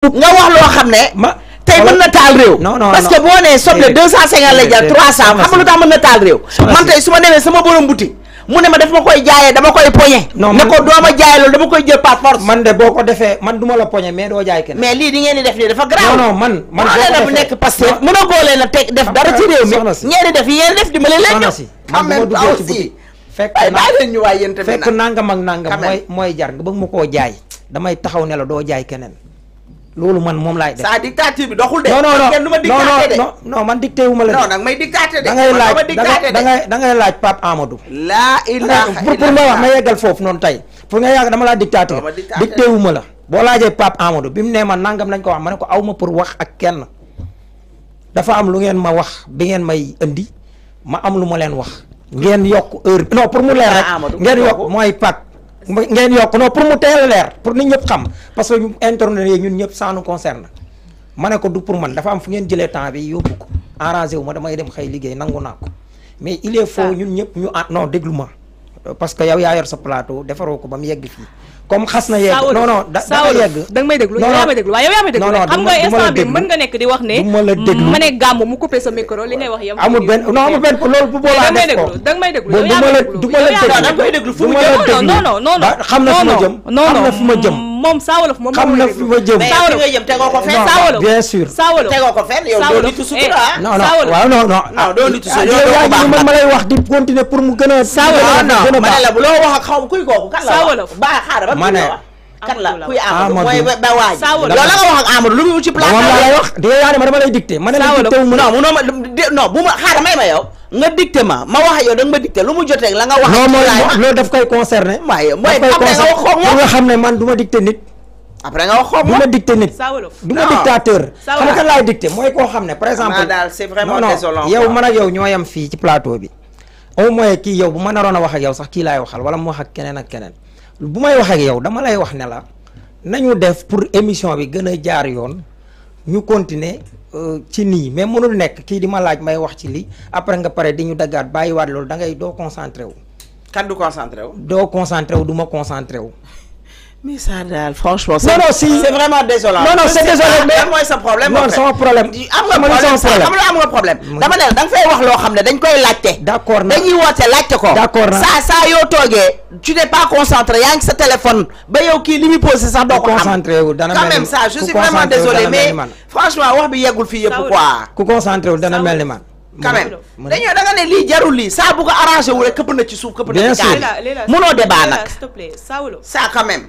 nga wax lo xamne tay meuna tey mën taal réew. parce que bo ne soble 250 lay jar 300 xam lu ta meuna na taal réew. man tay suma newe sama borom bouti mune ma def makoy jaaye dama koy pogné nako ne ko doo ma jaayee loolu dama koy jël pas force. man de boko defé man duma la pogné mais do jaay ken mais li di ngeen di def nii dafa grave. non non man man do la bu nek passé meuna mën a góole na teg def dara ci rew mi. ñeeni def yeen def dimbali leen ñëw. xam nga aw si waaye bàyyi leen ñu waay yéen tamit nag fekk nangam ak nangam moy moy jar nga bëgg ma koo jaay damay taxaw ne la do jaay kenen loolu man mom lay def sa dictature bi doxul de non non non duma non non man dicté wu ma la non nak may dictaté de da ngay laaj da ngay da ngay laaj Pape Amadou la ilaha pour pour ma wax ma yegal foofu non tay fu nga yag dama la dictaté dicté wu ma la bo laajee Pape Amadou bim mu ma nangam lañ ko wax mané ko awma pour wax ak kenn dafa am lu ngeen ma wax bi ngeen may indi ma am lu ma len wax ngeen yok heure non pour mu leer rek ngeen yok moy Pape ngeen yokk non pour mu teel pour nit ñëpp xam parce que internet yi ñun ñëpp ça nous concerne ma ne ko du pour man dafa am fu ngeen jëlee temps bi yóbbu ko arrangé wu ma damay dem xëy liggéey nangu naa ko mais il est faux ñun ñëpp ñu ah non déglu ma parce que yow yaa yor sa plateau defaroo ko ba mu yegg fii comme xas na yegg non non da nga yegg da nga may déglu yaa may déglu waaye yow yaa may déglu xam nga instant bi mën nga nekk di wax ma ne gàmm mu coupé sa micro wax yam amul benn non amul benn loolu bu boolaa def ko da nga may déglu du fu ma jëm xam na fu ma moom Saa Wolof moom. xam na fi ma jëm Saa Wolof mais jëm tegoo ko fenn. Saa Wolof bien sûr Saa Wolof tegoo ko fenn yow doo nitu sutura eh, ah. non non waaw non non. ah doo nitu sutura yow doo ko baax man ma lay wax di continuer pour mu gën a. Saa Wolof ah, non non ma ne la bu loo wax ak xaw ma kuy kooku kan la Saa Wolof ba xaaral ba kuy wax. kan la kuy Amadou mooy ba waaj. yow la nga wax ak Amadou lu mu ci. plan la wax dama lay dicté. Saa Wolof ma ne la dicté wu ma non non bu ma xaaral may ma yow nga dicté ma ma wax yow da ma dicté lu mu jotee la nga wax. non mooy koy concerné. waaye mooy après nga xam ne man du ma dicté nit. après nga wax xoog du ma dicté nit. du ma dictateur. xam nga laay dicté mooy koo xam ne par exemple. non daal c'est vraiment désolant yow man ak yow ñoo yem fii ci plateau bi. au moins kii yow bu ma naroon a wax ak yow sax kii laay waxal wala mu wax ak keneen ak keneen bu may wax ak yow dama lay wax ne la nañu def pour émission bi gën a jaar yoon ñu continuer euh, ci nii mais mënul nekk kii di ma laaj may wax ci lii après nga pare di ñu daggaat bàyyiwaat loolu da ngay doo concentré wu. kan du concentré wu. doo concentré wu du ma wu. Mais ça, franchement, c'est vraiment désolant. Non, non, c'est désolant. Mais moi, c'est un problème. Non, c'est un problème. Ah, moi, c'est un problème. Ah, moi, problème. Dama ne da fay wax loo xam dañ koy D'accord. Dañuy woote laajte ko. D'accord. Ça, saa yoo tu n'es pas concentré y a sa téléphone ba yow kii li muy ça sax Concentré, ko xam. Quand même ça, je suis vraiment désolé mais franchement wax bi yeggul fii yëpp quoi. Ku concentré wul dana mel ni man. quand même dañoo da nga ne lii jarul lii saa bu ko arrangé wu rek këpp na ci suuf këpp na ci kaar. Munoo débat nag. S'il te plaît, ça quand même.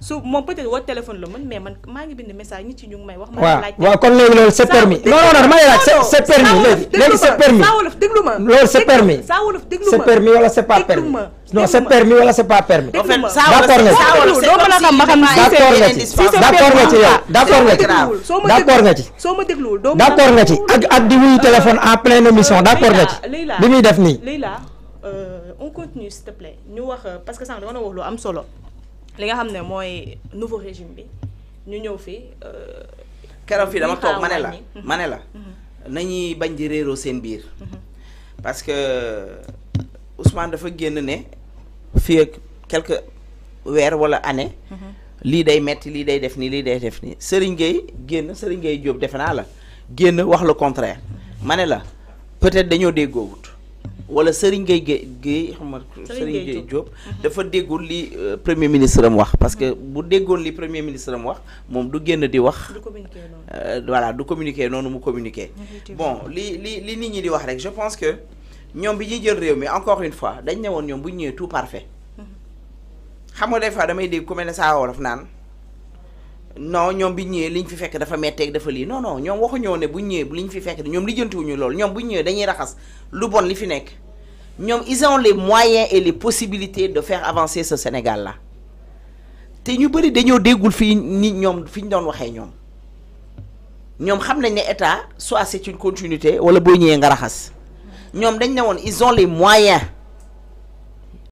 su moom peut-être téléphone la man maa ngi bind message ñi ci ñu ngi may wax. maa ngi laaj waaw kon léegi loolu c'est permis. non non non damay laaj c'est ma loolu d'accord nga ci a xam ma d'accord nga ci d'accord nga ci ak ak di wuyu euh, téléphone en pleine euh, émission d'accord nga ci li muy def nii euh, ñu wax parce que sànq am solo li nga xam ne mooy nouveau régime bi ñu ñëw fii. Euh, keroog fii dama toog ma la ma la. Mhm. nañuy bañ di réeroo seen biir. Mhm. parce que euh, Ousmane dafa génn ne fii ak quelque weer wala année. Mhm. lii day metti lii day def nii lii day def nii Serigne Gueye génn Serigne Gueye Diop defe naa la génn wax le contraire ma la peut-être dañoo déggoowut wala Serigne le Serigne mhm. dafa euh, premier ministre am parce que mhm. bu dégoûtez li premier ministre am wax mom du génn di wax euh, voilà du communiquer non mu communiquer bon li li li je pense que ñom bi jël réew encore une fois dañ ne tout parfait mhm. xam nga des fois damay ku mel non ñom bi ñëwee liñ fi fekk dafa ak dafa li non non ñom waxu ñoo ne bu ñëw bu liñ fi fekk ñom ñoom lijjantiwuñu lool ñom bu ñëw dañuy raxas lu bon li fi nekk ñom ils ont les moyens et les possibilités de faire avancer ce Sénégal là té ñu bëri dañoo déggul fi ni ñom fiñ doon waxé ñom ñom xam nañ né état soit c'est une continuité wala boo ñëw nga raxas ñom dañ ne woon ils ont les moyens